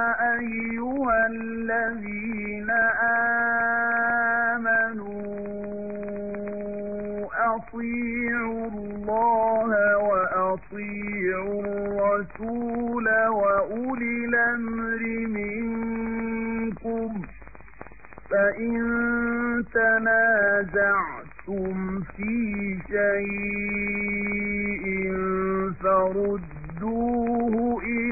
أيها الذين آمنوا أطيعوا الله وأطيعوا الرسول وأولي الأمر منكم فإن تنازعتم في شيء فرد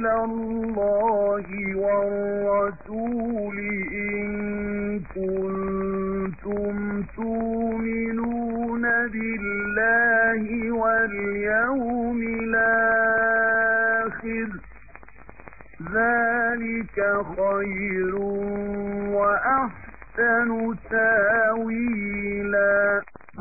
مِنَ اللَّهِ وَالرَّسُولِ إِن كُنتُمْ تُؤْمِنُونَ بِاللَّهِ وَالْيَوْمِ الْآخِرِ ذَلِكَ خَيْرٌ وَأَحْسَنُ تَأْوِيلًا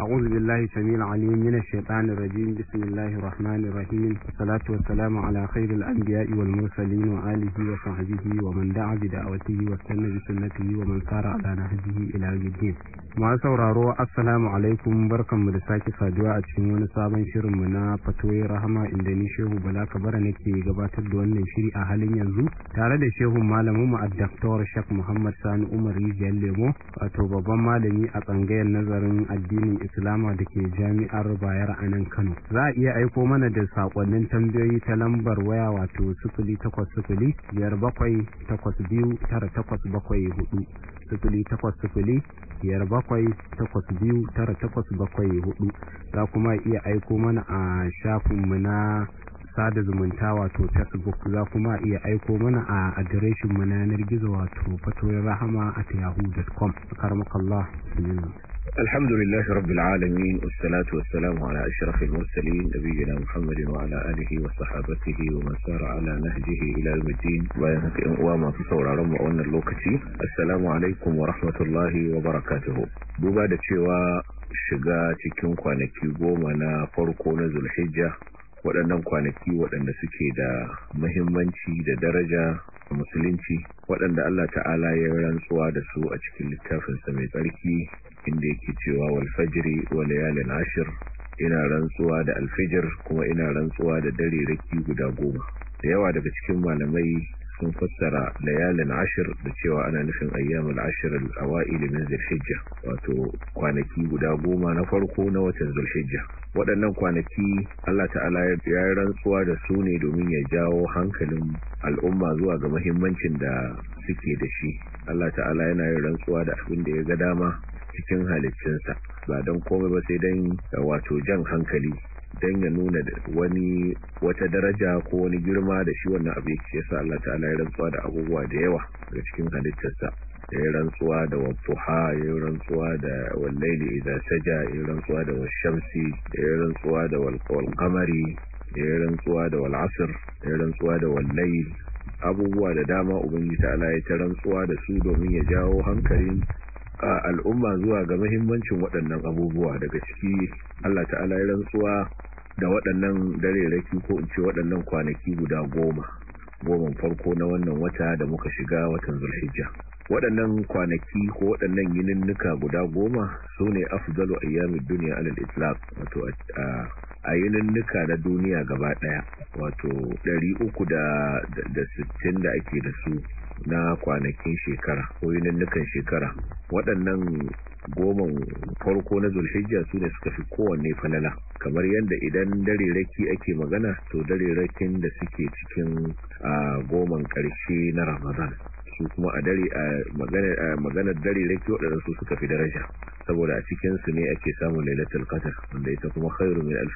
أعوذ بالله سميع العليم من الشيطان الرجيم بسم الله الرحمن الرحيم والصلاة والسلام على خير الأنبياء والمرسلين وآله وصحبه ومن دعا بدعوته واستنى بسنته ومن سار على نهجه إلى الدين masu sauraro assalamu alaikum barkanmu da sake saduwa a cikin wani sabon shirin mu na fatoyi rahama inda ni shehu bala kabara nake gabatar da wannan shiri a halin yanzu tare da shehu malamin mu addaktor shak muhammad sani umar rijiyar lemo wato babban malami a tsangayar nazarin addinin islama da ke jami'ar bayar a nan kano za a iya aiko mana da sakonnin tambayoyi ta lambar waya wato sufuli takwas sufuli biyar bakwai takwas biyu tara takwas bakwai hudu sufuli takwas sufuli biyar bakwai takwas biyu tara takwas bakwai hudu za kuma iya aiko mana a shafin na sada zumunta wato facebook za kuma iya aiko mana a adireshin mu na yanar gizo wato fatoyin rahama at yahoo.com karmakallah الحمد لله رب العالمين والصلاة والسلام على أشرف المرسلين نبينا محمد وعلى آله وصحابته ومن سار على نهجه إلى المدين وما تصور رمع وأن اللوكتي السلام عليكم ورحمة الله وبركاته ببادة شواء shiga cikin kwanaki goma na farko na zulhijja waɗannan kwanaki waɗanda suke da mahimmanci da daraja a musulunci waɗanda Allah ta'ala ya rantsuwa da su a cikin littafinsa mai tsarki inda yake cewa wal fajri wa layalin ashir ina rantsuwa da alfijir kuma ina rantsuwa da dare raki guda goma da yawa daga cikin malamai sun fassara layalin ashir da cewa ana nufin ayyamul ashir al-awa'il min zulhijja wato kwanaki guda goma na farko na watan zulhijja waɗannan kwanaki Allah ta'ala ya yi rantsuwa da su ne domin ya jawo hankalin al'umma zuwa ga muhimmancin da suke da shi Allah ta'ala yana yin rantsuwa da abin da ya ga dama cikin halittunsa ba don komai ba sai don wato jan hankali don ya nuna wani wata daraja ko wani girma da shi wannan abu yake yasa Allah ta'ala ya rantsuwa da abubuwa da yawa daga cikin halittarsa ya yi rantsuwa da wattuha ya yi rantsuwa da wallaili idza saja ya yi rantsuwa da washamsi ya yi rantsuwa da kamari ya yi rantsuwa da wal'asr ya yi rantsuwa da wallail abubuwa da dama ubangiji ta'ala ya ta rantsuwa da su domin ya jawo hankalin al'umma zuwa ga mahimmancin waɗannan abubuwa daga ciki Allah ta'ala ya rantsuwa da waɗannan dare raki ko in ce waɗannan kwanaki guda goma goma farko na wannan wata da muka shiga watan zulhijja waɗannan kwanaki ko waɗannan nuka guda goma su ne a ayyamin duniya alal islam wato a nuka na duniya gaba ɗaya wato 360 da ake da su na kwanakin shekara ko yinannukan shekara waɗannan goman farko na zulhijja su ne suka fi kowanne falala kamar yadda idan dare raki ake magana to dare rakin da suke cikin a goman ƙarshe na ramadan su kuma a dare a maganar dare raki waɗanda su suka fi daraja saboda a cikinsu ne ake samun lailatul qadr wanda ita kuma khairu min alf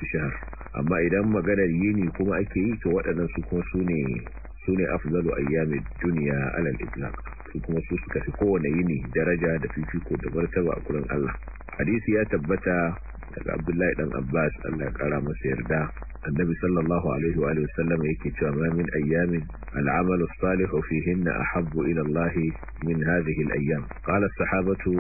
amma idan maganar yini kuma ake yi to waɗannan su kuma su ne su ne afzalu ayyamin duniya alal islam su kuma su suka fi kowane yini daraja da fifiko da martaba a gurin Allah hadisi ya tabbata daga abdullahi dan abbas Allah ya kara masa yarda annabi sallallahu alaihi wa sallam yake cewa ma min ayyamin al'amalu salihu fihinna ahabbu ila Allah min hadhihi al'ayyam qala as-sahabatu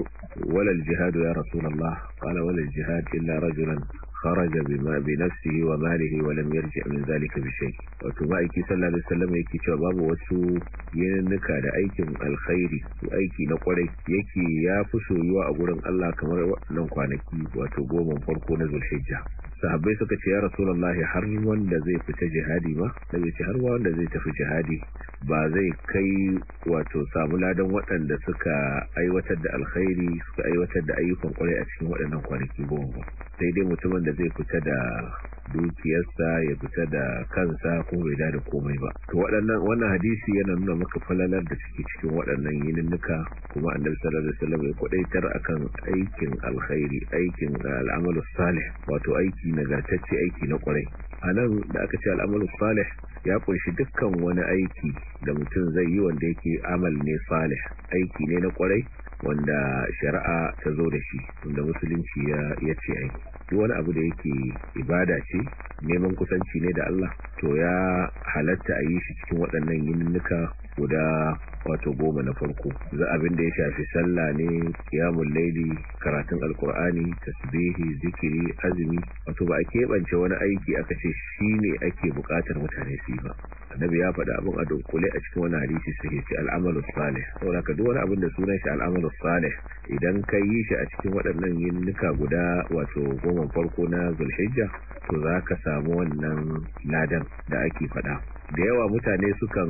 wala al-jihad ya rasulallah, qala wala al-jihad illa rajulan kharaja bi nafsihi wa malihi wa lam yarji min zalika bi shay wato ma'aiki sallallahu alaihi wasallam yake cewa babu wasu yannuka da aikin alkhairi aiki na kwarai yake ya fi soyuwa a gurin Allah kamar nan kwanaki wato goma farko na zulhijja sahabbai suka ce ya rasulullahi har wanda zai fita jihadi ba daga ce har wanda zai tafi jihadi ba zai kai wato samu ladan waɗanda suka aiwatar da alkhairi suka aiwatar da ayyukan kwarai a cikin waɗannan kwanaki goma ba sai dai mutumin da zai fita da dukiyarsa ya fita da kansa ko bai da da komai ba to waɗannan wannan hadisi yana nuna maka falalar da suke cikin waɗannan yininnuka kuma annabi sallallahu alaihi wasallam ya kwadaitar akan aikin alkhairi aikin al'amalu salih wato aiki nagartacce aiki na kwarai anan da aka ce al'amalu salih ya kunshi dukkan wani aiki da mutum zai yi wanda yake amal ne salih aiki ne na kwarai wanda shari'a ta zo da shi wanda musulunci ya ce ai duk wani abu da yake ibada ce neman kusanci ne da Allah to ya halatta a yi shi cikin waɗannan yinnuka guda wato goma na farko za abin da ya shafi sallah ne kiyamun laili karatun alkur'ani tasbihi zikiri azumi wato ba a keɓance wani aiki aka ce shi ne ake bukatar mutane su ba annabi ya faɗa abin a dunkule a cikin wani hadisi su ce al'amalu salih saboda ka duk wani abin da sunan shi al'amalu salih idan ka yi shi a cikin waɗannan yinnuka guda wato goma farko na zulhijja to za ka samu wannan ladan da ake faɗa da yawa mutane sukan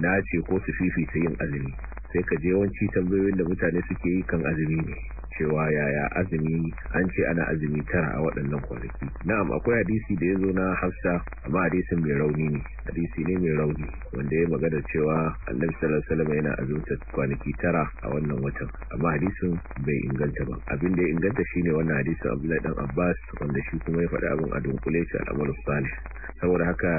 nace ko su fifita yin azumi sai ka je wanci tambayoyin da mutane suke yi kan azumi ne cewa yaya azumi an ce ana azumi tara a waɗannan kwanaki na'am akwai hadisi da ya zo na hafsa amma hadisin mai rauni ne hadisi ne mai rauni wanda ya magana cewa annabi sallallahu alaihi wasallam yana azumta kwanaki tara a wannan watan amma hadisin bai inganta ba abin da ya inganta shine wannan hadisin Abdullahi dan Abbas wanda shi kuma ya faɗa abin a dunkule shi al'amalu salih saboda haka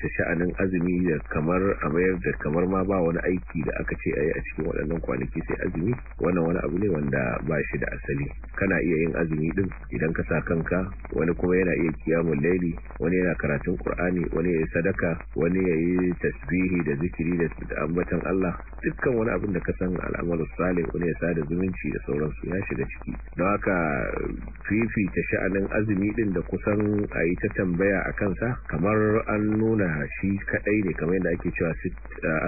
ta sha'anin azumi da kamar a mayar da kamar ma ba wani aiki da aka ce ayi a cikin waɗannan kwanaki sai azumi wannan wani abu ne wanda ba shi da asali kana iya yin azumi din idan ka sa kanka wani kuma yana iya kiyamun laili wani yana karatun qur'ani wani yayi sadaka wani ya yi tasbihi da zikiri da ambatan Allah dukkan wani abin da ka san al'amalu salih wani ya sada zumunci da sauransu ya shiga ciki don haka fifita sha'anin azumi din da kusan yi ta tambaya a kansa kamar an nuna shi kaɗai ne kamar yadda ake cewa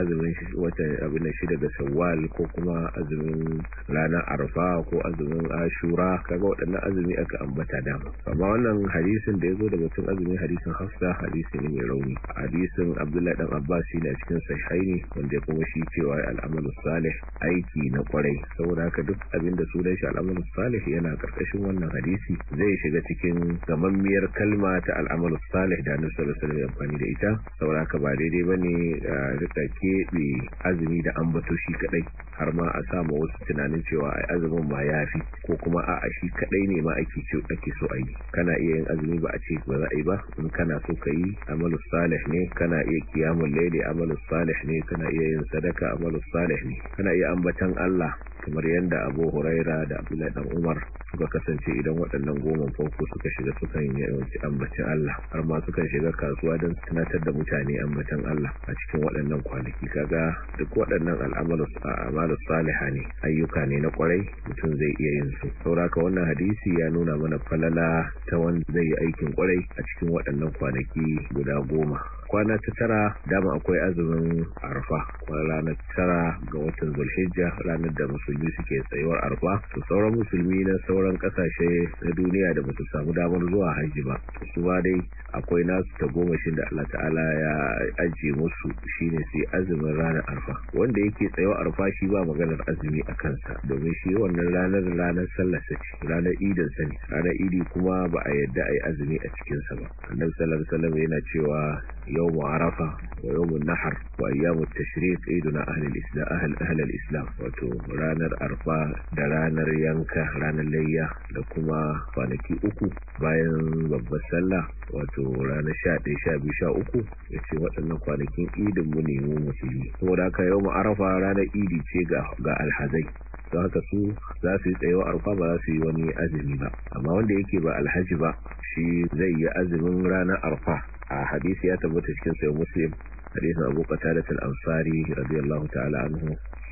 azumin wata abin da shi daga sawwal ko kuma azumin ranar arfa ko azumin ashura kaga waɗannan azumi aka ambata dama amma wannan hadisin da yazo da mutum azumin hadisin hafsa hadisi ne mai rauni hadisin abdullahi dan abbas ne a cikin sahihaini wanda kuma shi cewa al'amalu salih aiki na kwarai saboda haka duk abin da sunan shi al'amalu salih yana karkashin wannan hadisi zai shiga cikin gamammiyar kalma ta al'amalu salih da annabi sallallahu alaihi wasallam amfani da ita saboda haka ba daidai bane rika keɓe azumi da ambato shi kadai har ma a samu wasu tunanin cewa ai azumin azumin ba ya fi ko kuma a shi kadai ne ma ake ce ake so a yi kana iya yin azumi ba a ce ba za a yi ba in kana so ka yi amalu salih ne kana iya kiyamul laili amalu salih ne kana iya yin sadaka amalu salih ne kana iya ambatan Allah kamar yadda Abu Huraira da Abdullah dan Umar suka kasance idan waɗannan goma farko suka shiga suka yi yawanci ambacin Allah har ma suka shiga kasuwa don tunatar da mutane ambacin Allah a cikin waɗannan kwanaki kaga duk waɗannan al'amalu a'malus salihah ne ayyuka ne na kwarai mutum zai iya yin su sauraka wannan hadisi ya nuna mana falala ta wanda zai yi aikin kwarai a cikin waɗannan kwanaki guda goma kwana ta tara dama akwai azumin arfa kwana ranar tara ga watan zulhijja ranar da musulmi suke tsayuwar arfa to sauran musulmi na sauran kasashe na duniya da basu samu damar zuwa hajji ba su ba dai akwai nasu shi da Allah ta'ala ya ajiye musu shine sai azumin ranar arfa wanda yake tsayuwar arfa shi ba maganar azumi a kansa domin shi wannan ranar ranar sallah ce ranar idin sani ranar idi kuma ba a yadda a yi azumi a cikinsa ba annabi sallallahu alaihi wasallam yana cewa yau يوم عرفة ويوم النحر وأيام التشريق عيدنا أهل الإسلام أهل, أهل الإسلام ورانا الأربعة درانا الينكة رانا الليا لكما فانكي أكو bayan babbar sallah wato ranar 11 12 da yace waɗannan kwanakin idin mu ne mu musulmi saboda haka yau mu arafa ranar idi ce ga alhazai don haka su za su yi tsayewa arfa ba za su yi wani azumi ba amma wanda yake ba alhaji ba shi zai yi azumin ranar arfa a hadisi ya tabbata cikin sayan muslim hadisin abu qatada al-ansari radiyallahu ta'ala anhu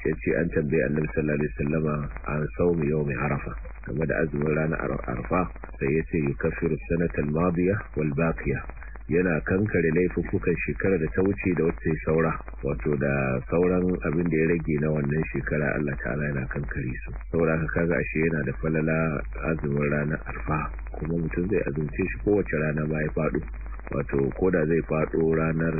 yace an tambaye annabi sallallahu alaihi wasallama an yau yawmi arafa game da azumin ranar arafa sai yace yukaffiru sanata al-madiya wal baqiya yana kankare laifukan shekara da ta wuce da wacce saura wato da sauran abin da ya rage na wannan shekara Allah ta'ala yana kankare su saura ka kaga ashe yana da falala azumin ranar arfa kuma mutum zai azince shi kowace rana ba ya faɗo wato koda zai faɗo ranar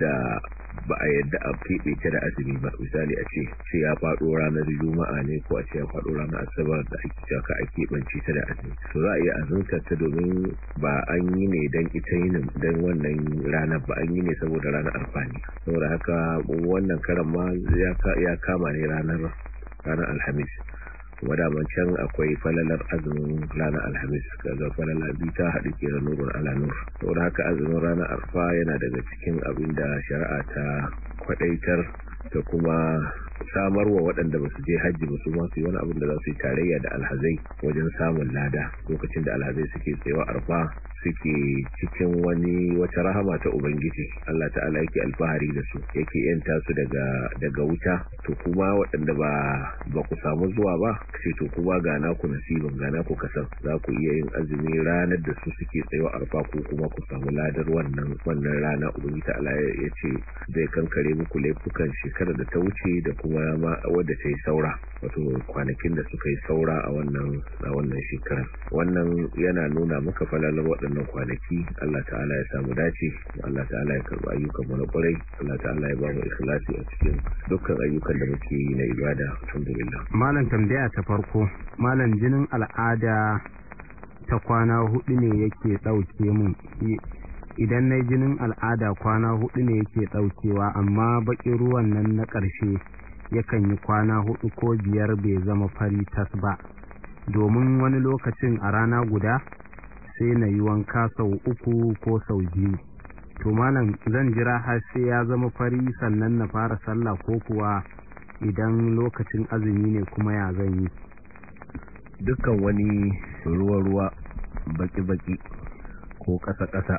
da ba a yadda a keɓe ta da azumi ba misali a ce ce ya faɗo ranar juma'a ne ko a ce ya faɗo ranar asabar da ake caka a keɓance ta da azumi to za a iya azumta ta domin ba an yi ne don ita yin don wannan ranar ba an yi ne saboda ranar alfani saboda haka wannan karan ma ya kama ne ranar ranar alhamis kuma can akwai falalar azumin rana alhamis kaga falalar bi ta haɗu ke nurun ala nur da haka azumin rana arfa yana daga cikin abin da shari'a ta kwadaitar ta kuma samarwa waɗanda ba su je hajji ba su ma su yi wani abin da za su yi tarayya da alhazai wajen samun lada lokacin da alhazai suke tsayawa arfa suke cikin wani wata rahama ta ubangiji Allah ta'ala yake alfahari da su yake yanta su daga daga wuta to kuma waɗanda ba ba ku samu zuwa ba sai to kuma ga ku nasibin ga ku kasan za ku iya yin azumi ranar da su suke tsayo arfa ko kuma ku samu ladar wannan wannan rana ubangiji ta'ala ya ce zai kankare muku laifukan shekarar da ta wuce da kuma ma wadda ta yi saura wato kwanakin da suka yi saura a wannan a wannan shekarar wannan yana nuna maka falalar waɗannan kwanaki Allah ta'ala ya samu dace Allah ta'ala ya karɓi ayyukan mu na ƙwarai Allah ta'ala ya ba mu ikhlasi a cikin dukkan ayyukan da muke yi na ibada alhamdulillah malam tambaya ta farko malam jinin al'ada ta kwana hudu ne yake dauke mu idan na jinin al'ada kwana hudu ne yake daukewa amma bakin ruwan nan na ƙarshe yakan yi kwana hudu ko biyar bai zama fari tas ba domin wani lokacin a rana guda sai na yi wanka sau uku ko sau biyu to malam zan jira har sai ya zama fari sannan na fara sallah ko kuwa idan lokacin azumi ne kuma ya zan yi dukkan wani ruwa-ruwa baki-baki ko ƙasa-ƙasa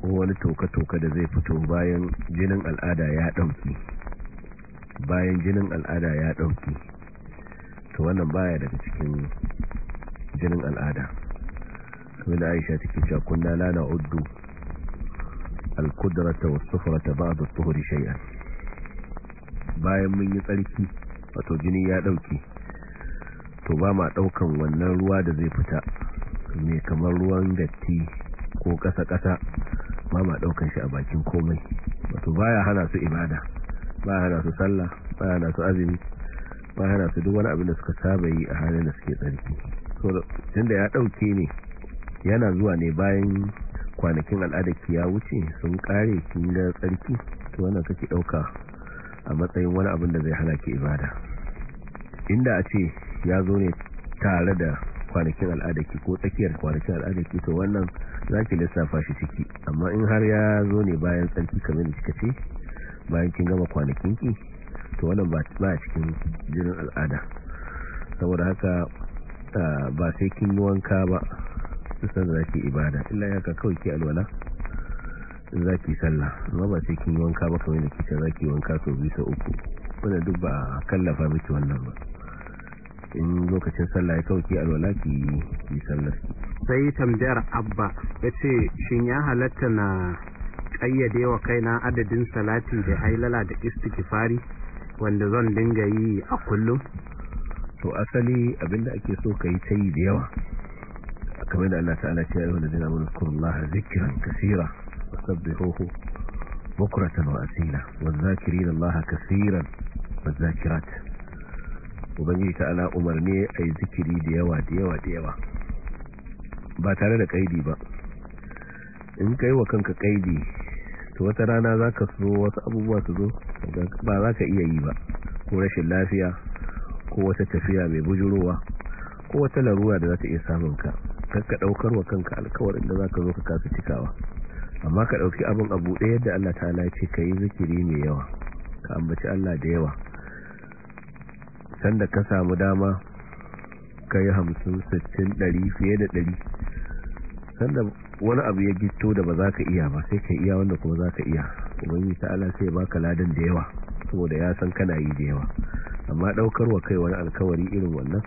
ko wani toka-toka da zai fito bayan jinin al'ada ya ɗauki bayan jinin al'ada ya ɗauki to wannan baya daga cikin jinin al'ada kamar da aisha take cewa kunna la uddu al-qudrata was-sufrata ba'da at shay'an bayan mun yi tsarki wato jini ya ɗauki to ba ma ɗaukan wannan ruwa da zai fita ne kamar ruwan datti ko ƙasa-ƙasa ba ma ɗaukan shi a bakin komai wato baya hana su ibada baya hana su sallah ba hana su azumi ba hana su duk wani abin da suka saba yi a halin da suke tsarki so tunda ya dauke ne yana zuwa ne bayan kwanakin al'adar ya wuce sun kare kin da tsarki to wannan kake dauka a matsayin wani abin da zai hana ki ibada inda a ce ya zo ne tare da kwanakin al'adaki ko tsakiyar kwanakin al'adaki to wannan za ki lissafa shi ciki amma in har ya zo ne bayan tsarki kamar da kika ce bayan kin gama kwanakin ki to wannan ba ba cikin jinin al'ada saboda haka ba sai kin yi wanka ba sai za ki ibada illa ya ka kawai ki alwala za ki sallah amma ba sai kin yi wanka ba kamar da kike za ki wanka sau bisa uku wannan duk ba kallafa miki wannan ba in lokacin sallah ya ki alwala ki yi sallah sai tambayar abba ya ce shin ya halatta na ƙayyade wa kaina adadin salati da hailala da istighfari wanda zan dinga yi a kullum to asali abinda ake so ka yi ta yi da yawa kamar da Allah ta'ala ce ayyuhal ladina amanu zkurullaha dhikran kaseera wasabbihuhu bukratan wa asila wadh Allah kaseeran wadh ubangiji ta'ala umarni ayi zikiri da yawa da yawa da yawa ba tare da kaidi ba in kai wa kanka kaidi to wata rana za ka zo wasu abubuwa su zo ba za ka iya yi ba ko rashin lafiya ko wata tafiya mai bujurowa ko wata larura da za ta iya samun ka ka daukar wa kanka alkawarin da za ka zo ka kasa cikawa amma ka dauki abin abu ɗaya yadda Allah ta ce ka yi zikiri mai yawa ka ambaci Allah da yawa sanda ka samu dama ka yi hamsin sittin ɗari fiye da ɗari sanda wani abu ya gito da ba za ka iya ba sai ka iya wanda kuma za ka iya ubangiji ta'ala sai baka ladan da yawa saboda ya san kana yi da yawa amma daukar wa kai wani alkawari irin wannan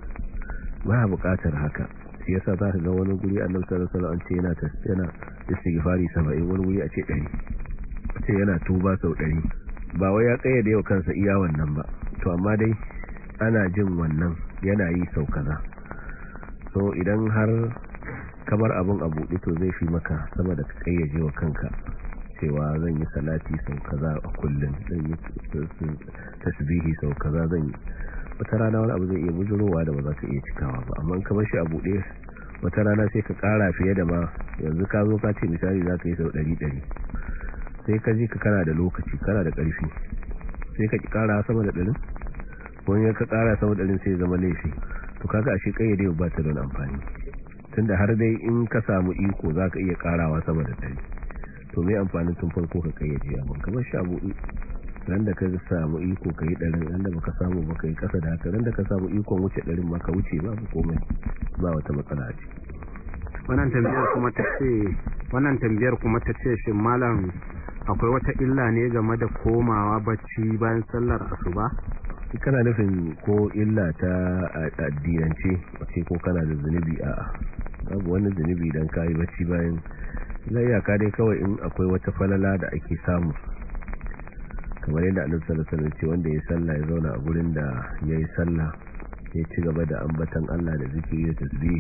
ba a buƙatar haka shi yasa za ka ga wani guri annabi sallallahu alaihi an ce yana yana istighfari 70 wani guri a ce ɗari ce yana tuba sau ɗari ba wai ya da wa kansa iya wannan ba to amma dai ana jin wannan yana yi sau kaza so idan har kamar abin a buɗe to zai fi maka sama da kayyaje wa kanka cewa zan yi salati sau kaza a kullum zan yi tasbihi sau kaza zan yi wata rana wani abu zai iya bujurowa da ba za ka iya cikawa ba amma kamar shi a buɗe wata rana sai ka ƙara fiye da ma yanzu ka zo ka ce misali za ka yi sau ɗari ɗari sai ka ji ka kana da lokaci kana da ƙarfi sai ka ƙara sama da ɗarin wani ya ka ƙara sama da ɗarin sai zama laifi to kaga ashe ƙayyade ba ta don amfani tunda har dai in ka samu iko za ka iya karawa sama da tari to mai amfani tun farko ka kayyade abin kamar buɗi ran da ka samu iko ka yi ɗarin ran da baka samu ba ka yi ƙasa da haka ran da ka samu ikon wuce ɗarin ba ka wuce ba komai ba wata matsala a ciki wannan tambayar kuma ta ce wannan tambayar kuma ta ce shin malam akwai wata illa ne game da komawa bacci bayan sallar asuba kana nufin ko illa ta addinance ce ko kana da zunubi a'a babu wani zunubi dan kai bacci bayan ka dai kawai in akwai wata falala da ake samu kamar yadda annabi sallallahu alaihi wasallam wanda ya sallah ya zauna a gurin da yayi sallah ya ci gaba da ambatan Allah da zikiri da tasbihi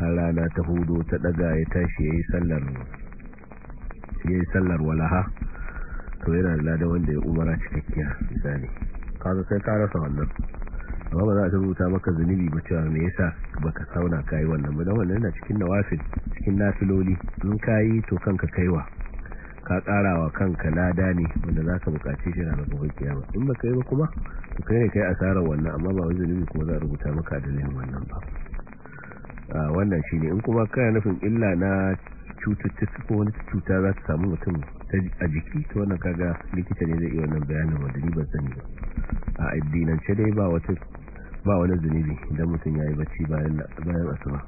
har rana ta hudu ta daga ya tashi yayi sallar ya yi sallar walaha to yana da ladan wanda ya umara cikakkiya misali kaza sai ka rasa wannan amma ba za a rubuta maka zunubi ba cewa me yasa baka sauna kai wannan ba wannan yana cikin nawafil cikin nafiloli in kayi to kanka kaiwa ka karawa kanka lada ne wanda za ka bukace shi ranar gobe kiyama in ba kai ba kuma to kai ne kai asarar wannan amma ba wani zunubi kuma za a rubuta maka da wannan ba ah, wannan shine in kuma kana nufin illa na cututtuka wani cuta za ta samu mutum a jiki ta wannan kaga likita ne zai iya wannan bayanin wanda ni ban sani ba a addinance dai ba wata ba wani zunubi idan mutum ya yi bacci bayan asuba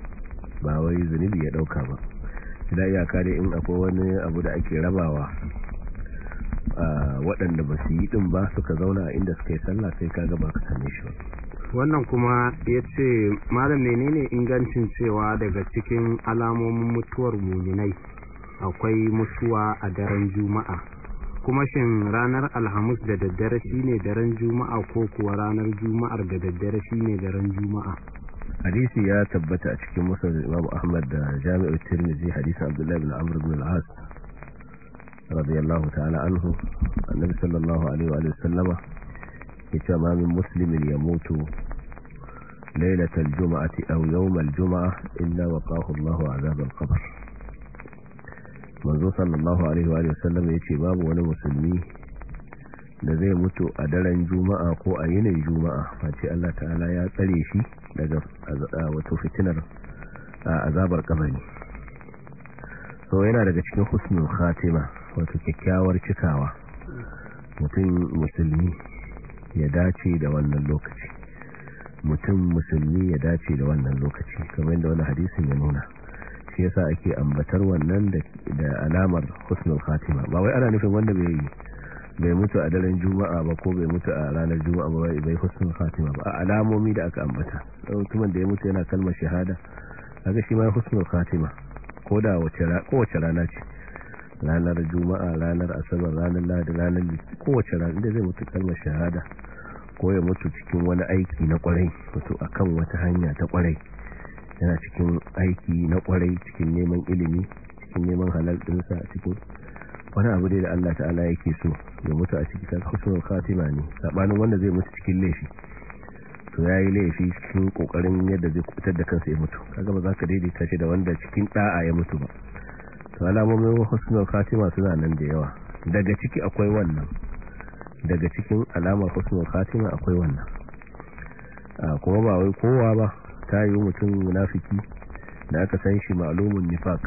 ba wai zunubi ya dauka ba idan iyaka dai in akwai wani abu da ake rabawa waɗanda ba su yi ɗin ba suka zauna a inda suka yi sallah sai kaga ba ka same shi ba wannan kuma ya ce malam ne ingancin cewa daga cikin alamomin mutuwar muminai akwai mutuwa a daren juma'a kuma shin ranar alhamis da daddare shine daren juma'a ko kuwa ranar juma'ar da daddare shine daren juma'a hadisi ya tabbata a cikin musnad Imam Ahmad da jami'ar Tirmidhi hadisi abdullahi bin Amr bin al'as radiyallahu ta'ala anhu annabi sallallahu alaihi wa sallama yace ma min muslimin mutu ليلة الجمعة أو يوم الجمعة إلا وقاه الله عذاب القبر manzo sallallahu alaihi wa sallam yace babu wani musulmi da zai mutu a daren juma'a ko a yinin juma'a Mace Allah ta'ala ya tsare shi daga wato fitinar azabar kabari so yana daga cikin husnul khatima wata kyakkyawar cikawa mutum musulmi ya dace da wannan lokaci mutum musulmi ya dace da wannan lokaci kamar yadda wani hadisin ya nuna shi yasa ake ambatar wannan da alamar husnul khatima ba wai ana nufin wanda bai yi bai mutu a daren juma'a ba ko bai mutu a ranar juma'a ba bai husnul khatima ba alamomi da aka ambata mutumin da ya mutu yana kalmar shahada kaga shi ma husnul khatima ko da wace rana ce ranar juma'a ranar asabar ranar lahadi ranar litinin kowace rana inda zai mutu kalmar shahada Koya mutu cikin wani aiki na kwarai mutu akan wata hanya ta kwarai yana cikin aiki na kwarai cikin neman ilimi cikin neman halal dinsa a cikin wani abu dai da Allah ta'ala yake so ya mutu a cikin husnul khatima ne sabanin wanda zai mutu cikin laifi to yayi laifi cikin kokarin yadda zai kubutar da kansa ya mutu kaga ba za ka daidaita shi da wanda cikin da'a ya mutu ba to alamomin husnul khatima suna nan da yawa daga ciki akwai wannan daga cikin alama husnul katina akwai wannan kuma ba wai kowa ba ta yi mutum munafiki da aka san shi ma'alumin nifak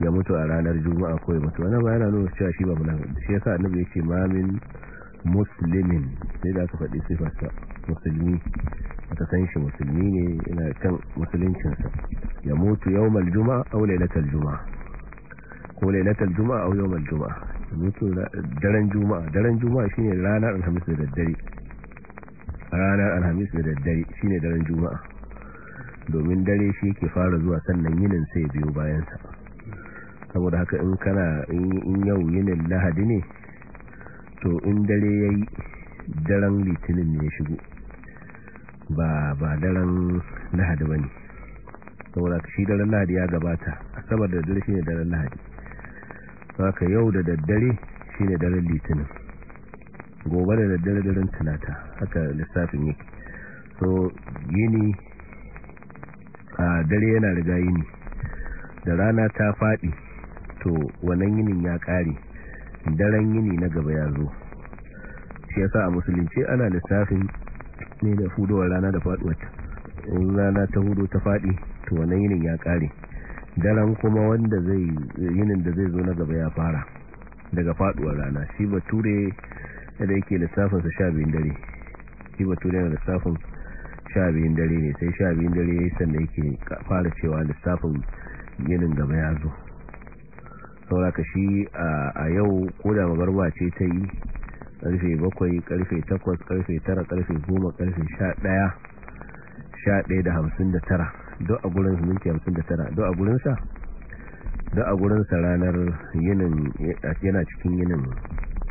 ya mutu a ranar juma'a ko ya mutu wani ba yana nuna cewa shi ba munafiki shi ya sa annabi yake ce mamin musulmin sai da aka faɗi sifarsa musulmi aka san shi musulmi ne yana kan musuluncinsa ya mutu yau maljuma a wulailatar juma'a ko lailatal juma'a a wulailatar juma'a daren juma'a daren juma'a shine ranar alhamis da daddare ranar alhamis da daddare shine daren juma'a domin dare shi ke fara zuwa sannan yinin sai biyo bayansa saboda haka in kana in yau yinin lahadi ne to in dare yayi daren litinin ne ya shigo ba ba daren lahadi bane saboda shi daren lahadi ya gabata asabar da dare shine daren lahadi haka yau da daddare shine daren litinin gobe da daddare daren talata haka lissafin yake so yini a dare yana riga yini da rana ta faɗi to wannan yinin ya kare daren yini na gaba ya zo shi ya sa a musulunci ana lissafin ne da fudowar rana da faɗuwar in rana ta hudu ta faɗi to wannan yinin ya kare. daren kuma wanda zai yinin da zai zo na gaba ya fara daga faduwar rana shi bature da yake lissafin sa biyun dare shi bature yana lissafin biyun dare ne sai biyun dare sannan yake fara cewa lissafin yinin gaba ya zo sauraka shi a yau ko da magarba ce ta yi karfe bakwai karfe takwas karfe tara karfe goma karfe sha daya sha daya da hamsin da tara don a gurin minti 59 don a gurinsa don a gurinsa ranar yinin yana cikin yinin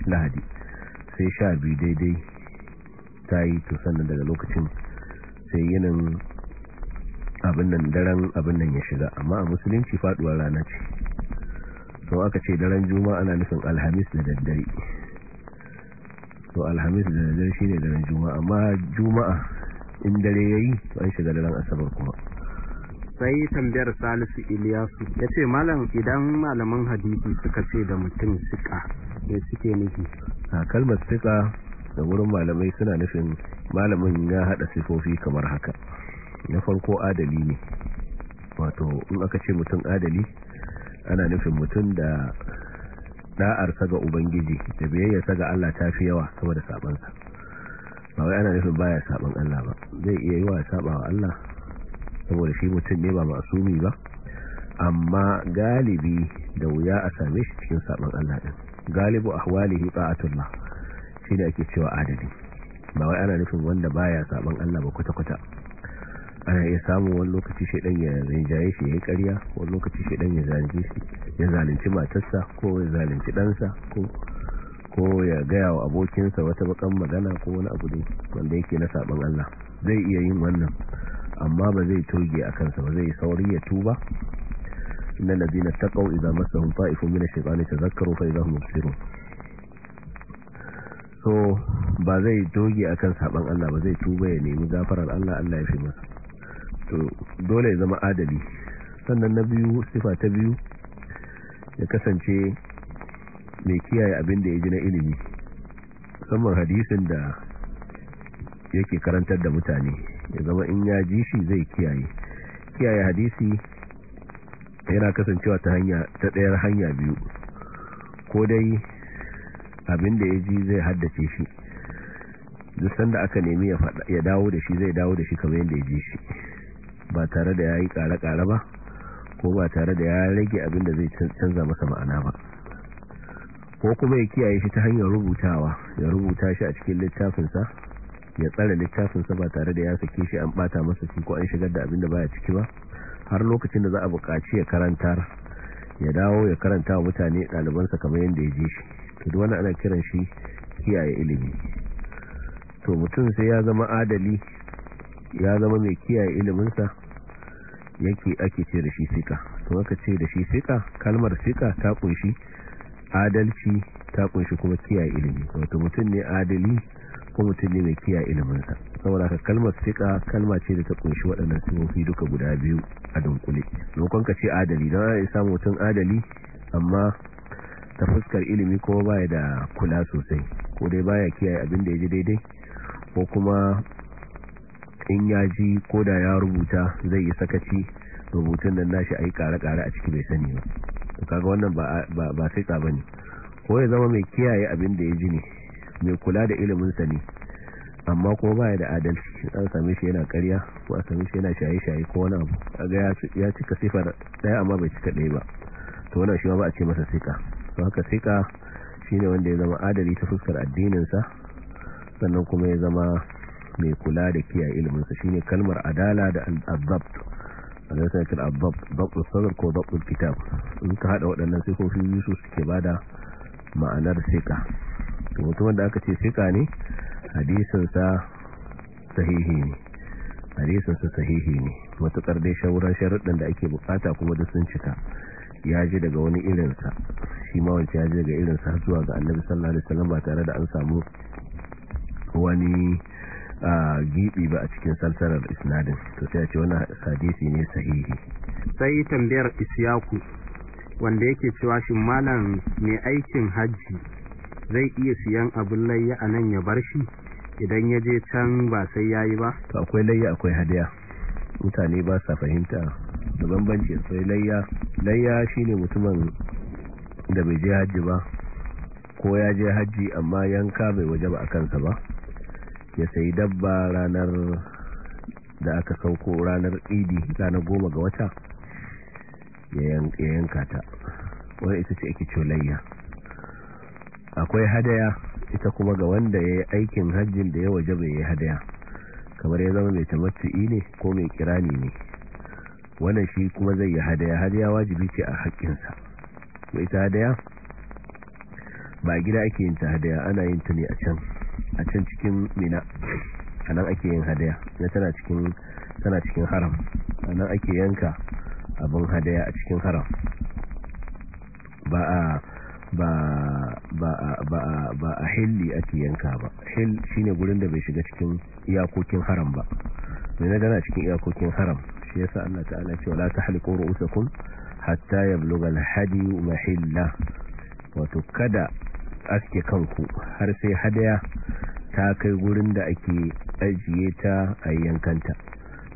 lahadi sai sha biyu daidai ta yi to sannan daga lokacin sai yinin abin nan daren abin nan ya shiga amma a musulunci faduwar rana ce to aka ce daren juma'a ana nufin alhamis da daddare to alhamis da daddare shine daren juma'a amma juma'a in dare yayi yi an shiga daren asabar kuma sai tambayar salisu iliyasu ya ce malam idan malaman hadisi suka ce da mutum siƙa ya suke nufi a kalmar sika da wurin malamai suna nufin malamin ya hada sifofi kamar haka na farko adali ne wato in aka ce mutum adali ana nufin mutum da da'arsa ga ubangiji da biyayyarsa ga Allah ta fi yawa saboda sabansa ba wai ana nufin baya saban Allah ba zai iya yi wa wa Allah saboda shi mutum ne ba masumi ba amma galibi da wuya a same shi cikin sabon Allah din a ahwalihi shi ne ake cewa adali ba wai ana nufin wanda baya sabon Allah ba kwata kwata ana iya samu wani lokaci shedan ya rinjaye shi yayi karya wani lokaci shedan ya zalunce shi ya zalunci matarsa ko ya zalunci ɗansa ko ko ya gaya wa abokinsa wata bakan magana ko wani abu ne wanda yake na saban Allah zai iya yin wannan amma ba zai toge a kansa ba zai sauri ya tuba innal ladina taqaw idza massahum ta'ifun min ash-shaytani tadhakkaru fa idza hum mubsirun so ba zai doge akan saban Allah ba zai tuba ya nemi gafarar Allah Allah ya fi masa to dole ya zama adali sannan na biyu sifa ta biyu ya kasance mai kiyaye abin da ya ji na ilimi musamman hadisin da yake karantar da mutane ya zama in ya ji shi zai kiyaye kiyaye hadisi yana kasancewa ta hanya ta ɗayar hanya biyu ko dai abin da ya ji zai haddace shi duk da aka nemi ya dawo da shi zai dawo da shi kamar yadda ya ji shi ba tare da ya yi ƙare-ƙare ba ko ba tare da ya rage abin da zai canza masa ma'ana ba ko kuma ya kiyaye shi ta hanyar rubutawa ya rubuta shi a cikin littafinsa ya tsara littafinsa ba tare da ya sake shi an bata masa ko an shigar da abin da baya ciki ba har lokacin da za a buƙaci ya karanta ya dawo ya karanta wa mutane ɗalibansa kamar yadda ya ji shi to duk wani ana kiran shi kiyaye ilimi to mutum sai ya zama adali ya zama mai kiyaye iliminsa yake ake ce da shi sika to aka ce da shi sika kalmar sika ta ƙunshi. adalci ta kunshi kuma kiyaye ilimi wato mutum ne adali ko mutum ne mai kiyaye iliminsa saboda ka kalmar sika kalma ce da ta kunshi waɗannan sifofi duka guda biyu a dunkule lokon ka ce adali don ya samu mutum adali amma ta fuskar ilimi ko baya da kula sosai ko dai baya kiyaye abin da ya ji daidai ko kuma in ya ji ko da ya rubuta zai yi sakaci rubutun nan nashi a yi kare-kare a ciki bai sani ba kaga wannan ba ba sai ba ne ko ya zama mai kiyaye abin da ya ji ne mai kula da ilimin ne amma ko ba ya da adalci an same shi yana karya ko a same shi yana shaye-shaye ko wani abu kaga ya cika sifar daya amma bai cika ɗaya ba to wannan shi ma ba a ce masa sika to haka sika ne wanda ya zama adali ta fuskar addininsa sannan kuma ya zama mai kula da kiyaye ilimin sa ne kalmar adala da al-dabt wanda sai kira babul sadar ko babul kitab in ka hada waɗannan sifofi yusu su suke bada ma'anar sika to mutumin da aka ce sika ne hadisin sa sahihi ne hadisin sa sahihi ne matukar dai sharuɗin da ake bukata kuma da sun cika ya ji daga wani irinsa shi ma wance ya ji daga irinsa zuwa ga annabi sallallahu alaihi wasallam ba tare da an samu wani a gibi ba a cikin salsarar isnadin to sai a ce wannan hadisi ne sahihi sai tambayar isyaku wanda yake cewa shin malam mai aikin hajji zai iya siyan abin layya a nan ya bar shi idan ya je can ba sai ya yi ba to akwai layya akwai hadiya mutane ba sa fahimta da bambanci sai layya layya shine mutumin da bai je hajji ba ko ya je hajji amma yanka bai waje ba a kansa ba ya sayi dabba ranar da aka sauko ranar idi ranar goma ga wata ya yanka ta wani ita ce ake cholayya akwai hadaya ita kuma ga wanda ya yi aikin hajjin da ya waje bai yi hadaya kamar ya zama mai tamattu'i ne ko mai kirani ne wannan shi kuma zai yi hadaya hadaya wajibi ce a haƙƙinsa mai ta hadaya ba gida ake yin ta hadaya ana yin ta ne a can a can cikin mina a nan ake yin hadaya ya tana cikin tana cikin haram a nan ake yanka abin hadaya a cikin haram ba a ba ba ba ba a hilli ake yanka ba hill shine gurin da bai shiga cikin iyakokin haram ba mina tana cikin iyakokin haram shi yasa Allah ta'ala ya ce wala tahliqu ru'usakum hatta yablugha al-hadi mahilla wato kada aske kanku har sai hadaya ta kai gurin da ake ajiye ta a yankanta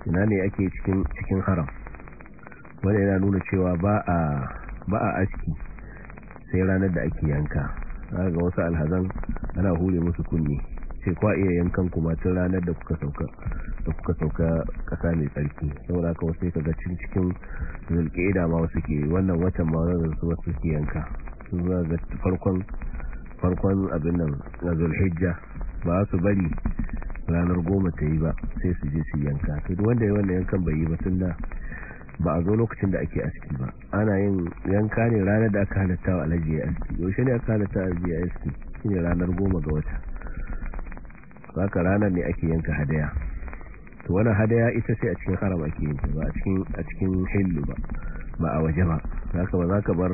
ina ne ake cikin cikin haram wanda yana nuna cewa ba a aski sai ranar da ake yanka ga wasu alhazan ana hure musu kunni sai kwa iya yankan kuma tun ranar da kuka sauka da kuka sauka kasa mai tsarki saboda haka wasu ka ga cikin zulƙeda ma wasu ke wannan watan ma wasu wasu ke yanka sun zuwa ga farkon farkon abin nan na zulhijja ba su bari ranar goma ta yi ba sai su je su yanka to duk wanda ya wanda yankan bai yi ba tun da ba a zo lokacin da ake aski ba ana yin yanka ne ranar da aka halatta wa alaji ya aski yaushe ne aka halatta wa alaji ya aski ne ranar goma ga wata ka ranar ne ake yanka hadaya to wani hadaya ita sai a cikin haram ake yin ba a cikin ba ba a waje ba za ka bar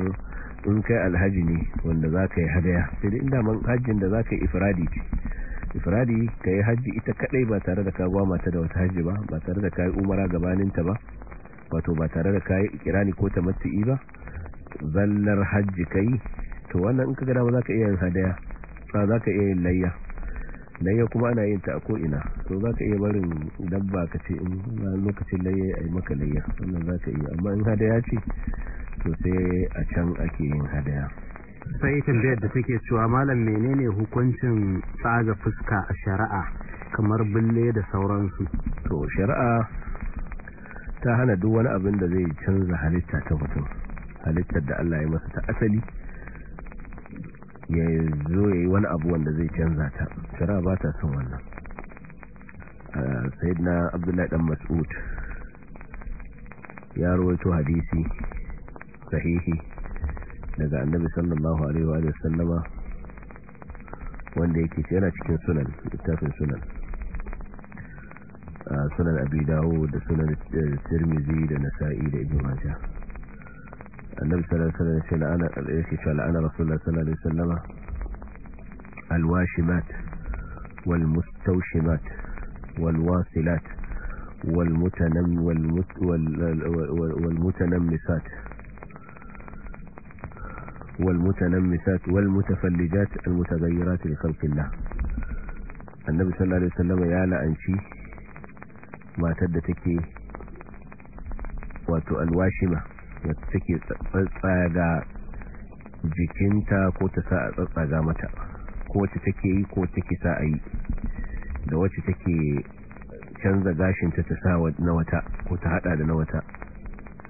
in kai alhaji ne wanda za ka yi hadaya sai da inda man hajjin da za ka yi ifiradi ce ifiradi ka yi hajji ita kadai ba tare da kawo mata da wata hajji ba ba tare da ka yi umara gabaninta ba wato ba tare da ka yi ikirani ko tamattu'i ba zallar hajji ka yi to wannan in ka gada ba za ka iya yin hadaya ba za ka iya yin layya layya kuma ana yin ta a ko'ina to za ka iya barin dabba ka ce in lokacin layya a yi maka layya wannan za ka iya amma in hadaya ce to sai a can ake yin hadaya sai tambayar da take cewa malam menene hukuncin tsaga fuska a shari'a kamar bille da sauransu to shari'a ta hana duk wani abin da zai canza halitta ta mutum halittar da Allah ya masa ta asali ya zo ya yi wani abu wanda zai canza ta shari'a ba ta son wannan sayyidina abdullahi dan mas'ud ya rawaito hadisi sahihi daga annabi sallallahu alaihi wa sallama wanda yake tsira cikin sunan littafin sunan sunan abi dawo da sunan tirmizi da nasa'i da ibn majah annabi sallallahu alaihi wa sallama la'ana yake ce la'ana rasulullahi sallallahu alaihi wasallama alwashimat والمستوشمات والواصلات والمتنم والمت والمتنمسات والمتنمسات والمتفلجات المتغيرات لخلق الله annabi صلى الله عليه ya la'anci matar da take wato alwashima wacce take tsatsaga jikinta ko ta sa a tsatsaga mata ko wacce yi ko da wacce take canza gashinta ta sa na wata ko ta hada da na wata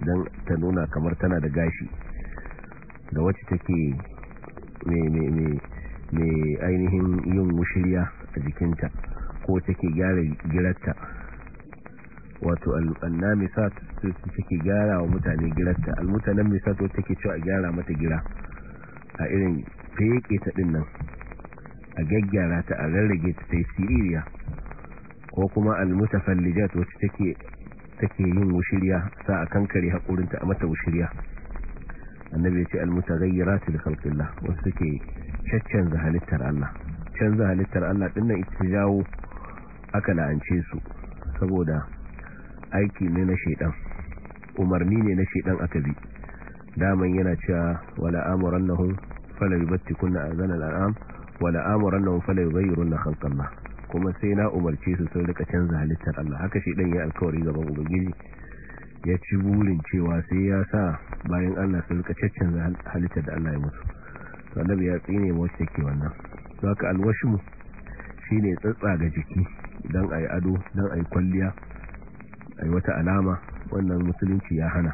don ta nuna kamar tana da gashi da wacce take mai ainihin yin mushirya a jikinta ko take gyara girarta wato annamisat take gyara wa mutane girarta almutanen misat wata take cewa gyara mata gira a irin feke ta din a gaggyara ta a rarrage ta ta siririya ko kuma almutafallijat wacce take yin wushiriya sa a kankare haƙurinta a mata wushiriya annabi ya ce almutaghayyirat li khalqillah wasu suke caccanza halittar Allah canza halittar Allah din nan ita jawo aka la'ance su saboda aiki ne na shedan umarni ne na shedan aka bi daman yana cewa wala amurannahum fala yubattikunna azana al'am wala amurannahum fala yughayyirunna khalqallah kuma sai na umarce su sun rika canza halittar Allah haka shedan ya alkawari gaban ubangiji ya ci burin cewa sai ya sa bayan Allah su rika caccanza halittar da Allah ya mutu to annabi ya tsine mu wacce ke wannan to haka alwashu shine tsatsa ga jiki idan ayi ado dan ayi kwalliya ayi wata alama wannan musulunci ya hana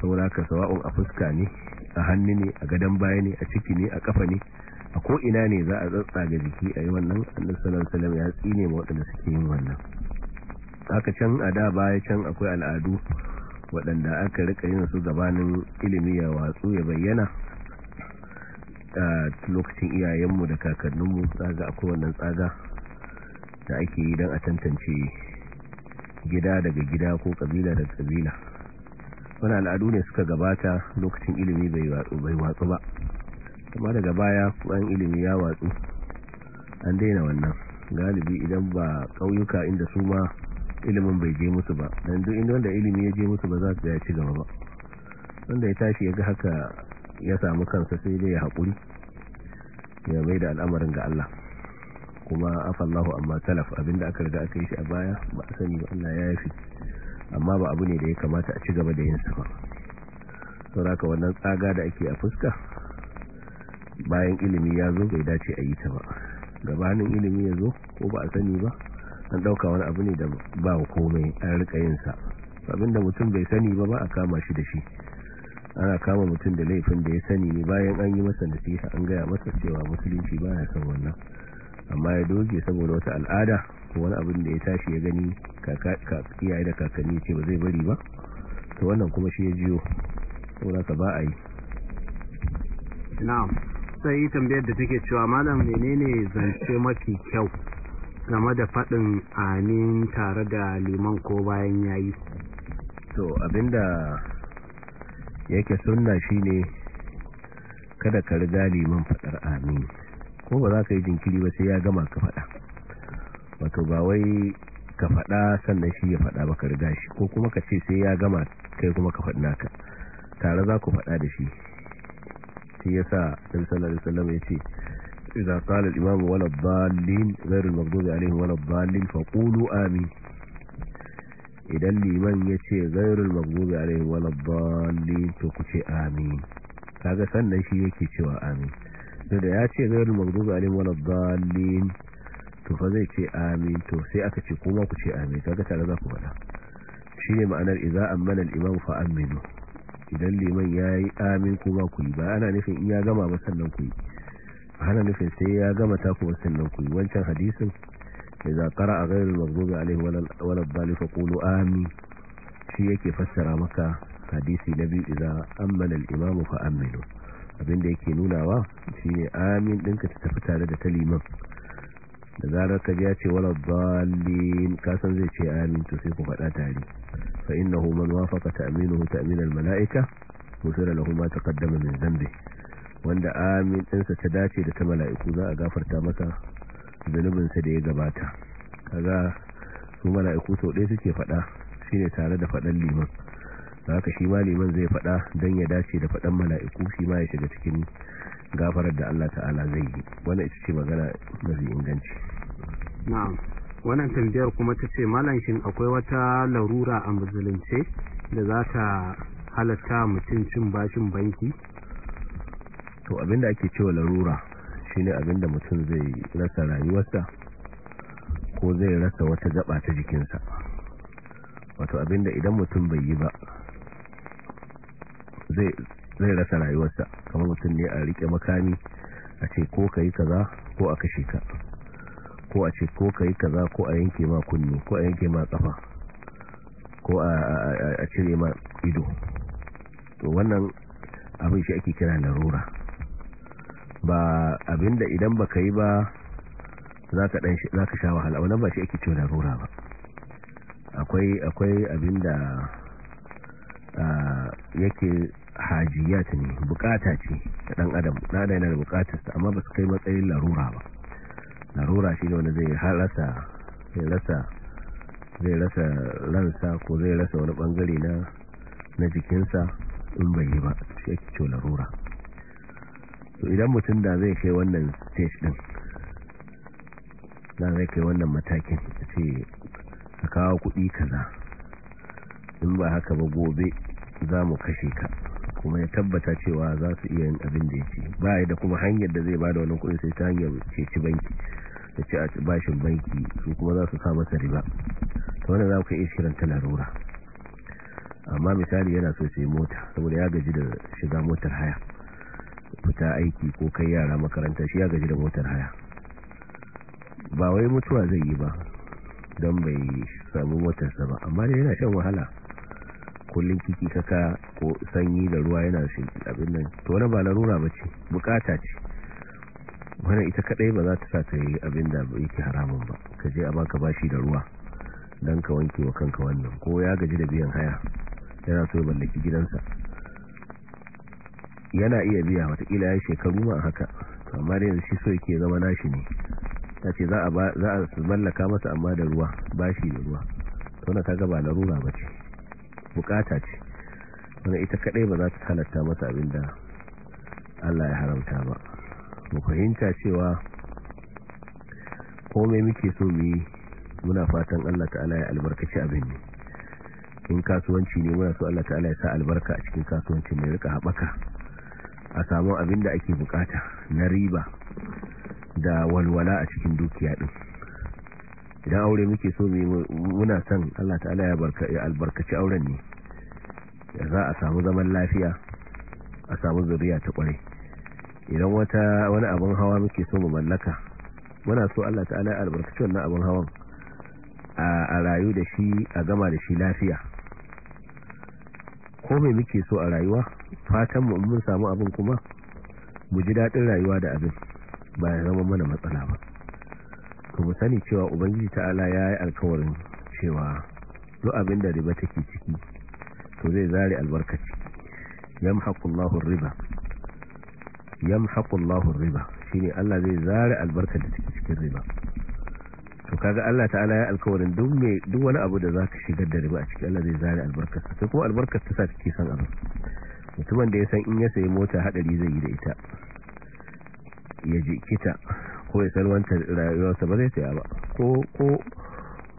saboda ka sawa'un a fuska ne a hannu ne a gadon baya ne a ciki ne a kafa ne a ko ina ne za a tsatsa ga jiki ayi wannan annabi sallallahu ya tsine mu waɗanda suke yin wannan haka can a da baya can akwai al'adu waɗanda aka rika yin su gabanin ilimi ya watsu ya bayyana a lokacin iyayenmu da kakanninmu tsaga akwai wannan tsaga da ake yi don a tantance gida daga gida ko kabila daga kabila wani al'adu ne suka gabata lokacin ilimi bai watsu ba kuma daga baya kuwan ilimi ya watsu an daina wannan galibi idan ba ƙauyuka inda su ma ilimin bai je musu ba dan duk inda wanda ilimi ya je musu ba za su ya ci gaba ba wanda ya tashi ya ga haka ya samu kansa sai dai ya haƙuri ya mai da al'amarin ga Allah kuma afallahu amma talaf abinda aka riga aka yi shi a baya ba a sani ba Allah ya yafi amma ba abu ne da ya kamata a ci gaba da yin sa ba sauraka wannan tsaga da ake a fuska bayan ilimi ya zo bai dace a yi ta ba gabanin ilimi ya zo ko ba a sani ba an dauka wani abu ne da ba wa komai an rika yin sa abinda mutum bai sani ba ba a kama shi da shi ana kama mutum da laifin da ya sani ne bayan an yi masa nasiha an gaya masa cewa musulunci ba ya san wannan amma ya doge saboda wata al'ada ko wani abin da ya tashi ya gani iyaye da kakanni ce ba zai bari ba to wannan kuma shi ya jiyo saboda ka ba a yi na sai tambayar da take cewa malam ne zance mafi kyau game da faɗin amin tare da liman ko bayan yayi to abinda yake sunna shine kada ka riga liman faɗar amin ko ba za ka yi jinkiri ba sai ya gama ka faɗa wato ba wai ka faɗa sannan shi ya faɗa ba ka riga shi ko kuma ka ce sai ya gama kai kuma ka faɗi naka tare za ku faɗa da shi shi sa dan salama alaihi wasallam ya ce إذا قال الإمام ولا الضالين غير المغضوب عليه ولا الضالين فقولوا آمين إذا لمن يتي غير المغضوب عليه ولا الضالين تقول آمين هذا فن شيء كتوى آمين da ya ce gairin magdubi alim wala to fa zai ce amin to sai aka ce kuma ku ce amin kaga tare za ku faɗa shine ma'anar idza amana al-imam fa aminu idan liman yayi amin kuma ku yi ba ana nufin in ya gama ba sannan ku ana nufin sai ya gama taku wasan wancan ku wancan hadisin idza qara'a ghayrul maghdubi alaihi wala dhalin faqulu amin shi yake fassara maka hadisi na biyu idza ammana al fa aminu abinda yake nunawa shine amin ɗinka ta tafi tare da taliman da zarar ka ya ce wala dhalin zai ce amin to sai ku faɗa tare fa innahu man ta aminu ta aminar malaika da lahu ma taqaddama min dhanbihi wanda amin ɗinsa ta dace da ta mala'iku za a gafarta masa zunubinsa da ya gabata kaga su mala'iku sau ɗaya suke faɗa shi ne tare da faɗan liman za haka shi ma liman zai faɗa don ya dace da faɗan mala'iku shi ma ya shiga cikin gafarar da Allah ta'ala zai yi wannan ita ce magana mafi inganci na'am wannan tambayar kuma ta ce malam akwai wata larura a musulunce da za ta halatta mutum cin bashin banki to abinda ake cewa larura shine abinda mutum zai rasa rayuwarsa ko zai rasa wata gaba ta jikinsa wato abinda idan mutum bai yi ba zai rasa rayuwarsa kamar mutum ne a rike makami a ce ko ka yi kaza ko a kashe ka ko a ce ko ka yi kaza ko a yanke ma kunni ko a yanke ma kafa ko a cire ma ido to wannan abin shi ake kira larura ba abinda idan baka yi ba zaka ka sha wahala wannan ba shi ake cewa larura ba akwai akwai abinda yake hajiyat ne bukata ce ta dan adam na adam yana da bukatar amma ba su kai matsayin larura ba larura shi ne wanda zai halasa zai rasa zai rasa ransa ko zai rasa wani bangare na jikinsa in bai yi ba shi ake cewa larura to idan mutum da zai kai wannan stage din da zai kai wannan matakin ce ka kawo kuɗi kaza in ba haka ba gobe za mu kashe ka kuma ya tabbata cewa za su iya yin abin da ya ce ba da kuma hanyar da zai ba da wani kuɗi sai ta hanyar ceci banki da ce a bashin banki su kuma za su sa masa riba ta wani za ku iya shirin ta larura amma misali yana so sai mota saboda ya gaji da shiga motar haya fita aiki ko kai yara makaranta shi ya gaji da motar haya ba wai mutuwa zai yi ba don bai samu motarsa ba amma da yana shan wahala kullum kiki kaka ko sanyi da ruwa yana shi abin nan to wani ba larura ba ce bukata ce wani ita kadai ba za ta sa ta yi abin da yake haramun ba ka je a baka bashi da ruwa don ka wanke wa kanka wannan ko ya gaji da biyan haya yana so ya mallaki gidansa yana iya biya watakila ya shekaru ma haka amma da yanzu shi so yake zama nashi ne ta ce za a mallaka masa amma da ruwa bashi da ruwa wanda kaga ba rura ba ce bukata ce wani ita kadai ba za ta halatta masa da Allah ya haramta ba mu fahimta cewa komai muke so mu yi muna fatan Allah ta'ala ya albarkaci abin ne in kasuwanci ne muna so Allah ta'ala ya sa albarka a cikin kasuwancin mai rika haɓaka a samu abin da ake bukata na riba da walwala a cikin dukiya din idan aure muke so muna son Allah ta'ala ya albarkaci auren ne ya za a samu zaman lafiya a samu zuriya ta kware idan wata wani abin hawa muke so mu mallaka muna so Allah ta'ala ya albarkaci wannan abin hawan a rayu da shi a gama da shi lafiya ko mai muke so a rayuwa fatan mu mun samu abin kuma mu ji daɗin rayuwa da abin ba ya zama mana matsala ba to mu sani cewa ubangiji ta'ala ya yi alkawarin cewa duk abin da riba take ciki to zai zare albarkaci yamhaqullahu riba yamhaqullahu riba shine Allah zai zare albarkar da take cikin riba to kaga Allah ta'ala ya alkawarin duk me duk wani abu da zaka shigar da riba a ciki Allah zai zare albarka sai kuma albarkar ta sa kike san abu mutumin da ya san in ya sayi mota hadari zai yi da ita ya jikita ko ya salwanta rayuwarsa ba zai ta ba ko ko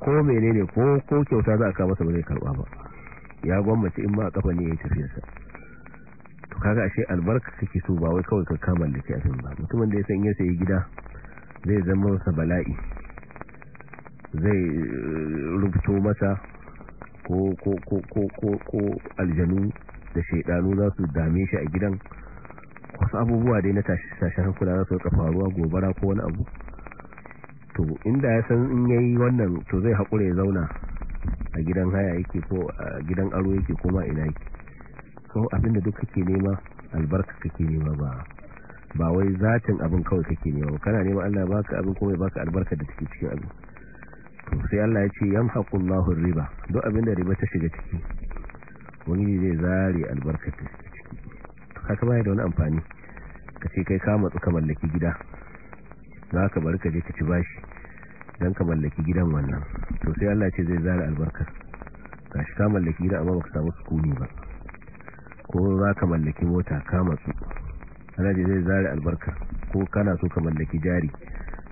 ko menene ko ko kyauta za a kawo masa ba zai karba ba ya gwammace in ma a kafa ne ya tafiya sa to kaga ashe albarka kake so ba wai kawai ka kama da kafin ba mutumin da ya san in ya sayi gida zai zama masa bala'i zai eh, rubuto mata ko ko aljanu da shaidanu za su dame shi a gidan wasu abubuwa dai na tashin hankula za su rika faruwa gobara ko wani abu to inda ya san in yayi wannan to zai haƙura ya zauna a gidan haya yake ko a gidan aro yake ko ma ina yake so abinda duk kake nema albarka kake nema ba ba wai zatin abin kawai kake nema kana nema Allah baka abin kuma ya baka albarka da take cikin abin sai Allah ya ce yamhaqullahu riba duk abinda riba ta shiga ciki wani zai zare albarkar ta shiga ciki haka bai da wani amfani ka ce kai ka matsu ka mallaki gida za ka bari ka je ka ci bashi don ka mallaki gidan wannan to sai Allah ce zai zare albarkar kashi ka mallaki gida amma baka samu sukuni ba ko za ka mallaki mota ka matsu Allah ce zai zare albarkar ko kana so ka mallaki jari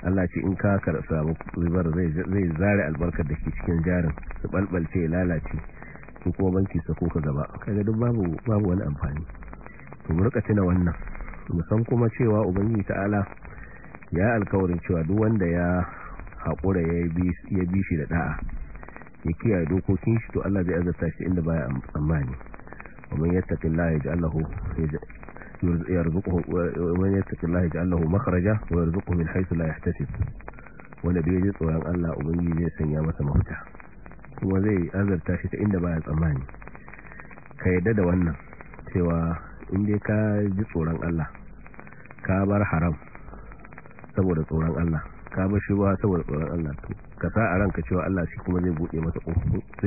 Allah ce in ka karɓa samu ribar zai zare albarkar da ke cikin jarin su balbalce lalace su kuma banki sako ka gaba kaga duk babu babu wani amfani to mu rika tuna wannan mu san kuma cewa ubangiji ta'ala ya alkawarin cewa duk wanda ya haƙura ya bi shi da da'a ya kiyaye dokokin shi to Allah zai azarta shi inda baya amfani ومن يتق الله يجعل yarzuquhu wa yattaqillaha ja'al lahu makhraja wa yarzuquhu min haythu la yahtasib wanda da tsoron Allah ubangiji zai sanya masa mafita kuma zai azarta shi ta inda baya tsammani ka yadda da wannan cewa in dai ka ji tsoron Allah ka bar haram saboda tsoron Allah ka bar shi saboda tsoron Allah ka sa a ranka cewa Allah shi kuma zai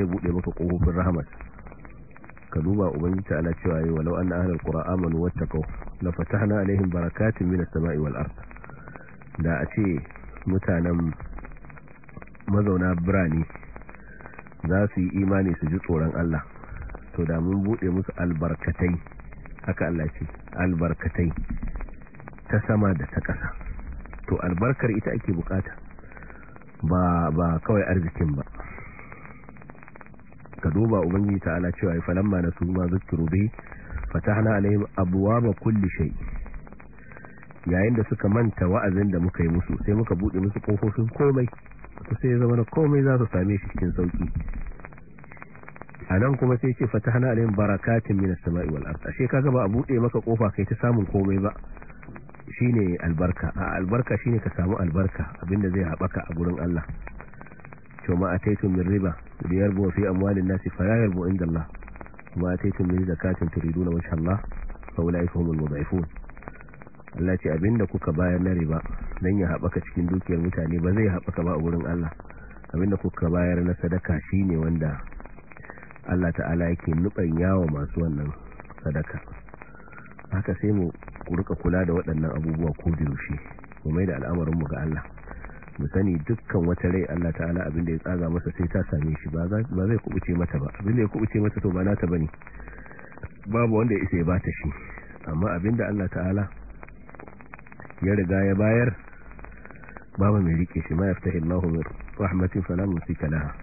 bude maka kofofin rahamarsa ka duba ubangiji ta ala cewa yi walau na ahlul qura amanu wattaqu la fatahna alaihim barakatin minas sama'i wal ard da a ce mutanen mazauna birane za su yi imani su ji tsoron Allah to da mun buɗe musu albarkatai haka Allah ce albarkatai ta sama da ta ƙasa to albarkar ita ake bukata ba kawai arzikin ba ka duba ubangiji ta'ala cewa falamma nasu ma zukkiru bi fatahna alaihim abwaaba kulli shay yayin da suka manta wa'azin da muka yi musu sai muka bude musu kofofin komai to sai zama na komai za su same shi cikin sauki anan kuma sai ce fatahna alaihim barakatin minas sama'i wal ard ashe kaga ba a bude maka kofa kai ta samun komai ba shine albarka a albarka shine ka samu albarka abinda zai haɓaka a gurin Allah cewa ma taitun min riba liyarbu fi amwalin nasi farayar yarbu inda Allah wa ataitum min zakatin turiduna wajha Allah fa ulaika humul mudhifun Allah ce abinda kuka bayar na riba dan ya haɓaka cikin dukiyar mutane ba zai haɓaka ba a wurin Allah abinda kuka bayar na sadaka shine wanda Allah ta'ala yake nuban yawo masu wannan sadaka haka sai mu kurka kula da waɗannan abubuwa ko da yaushe mu mai da al'amarin mu ga Allah mu sani dukkan wata rai Allah ta'ala abin da ya tsaga masa sai ta same shi ba zai kubuce mata ba abin da ya kubuce mata to ba nata bane babu wanda ya isa ya bata shi amma abin da Allah ta'ala ya riga ya bayar babu mai rike shi ma yaftahi Allahu min rahmatin fala mumsika laha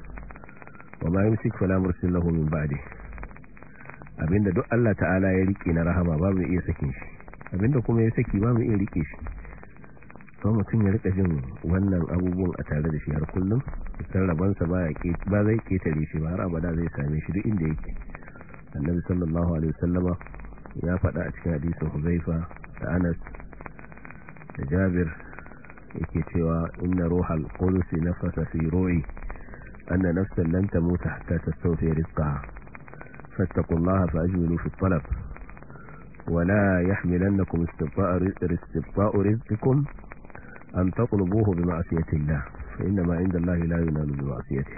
wa ma yumsik fala mursil lahu min ba'di abinda duk Allah ta'ala ya rike na rahama babu iya sakin shi abinda kuma ya saki babu iya rike shi to mutum ya rika jin wannan abubuwan a tare da shi har kullum cikin rabansa ba zai ketare shi ba har abada zai same shi duk inda yake annabi sallallahu alaihi wasallama ya faɗa a cikin hadisin huzaifa da anas da jabir yake cewa inna ruhal qudus nafasa fi ruhi anna nafsan lan tamuta hatta tastawfi rizqaha fattaqullaha fa'ajmilu fi talab ولا يحملنكم استبقاء رزقكم an taqlubuhu bi ma'siyatillah fa inna ma inda Allah la yunalu bi ma'siyati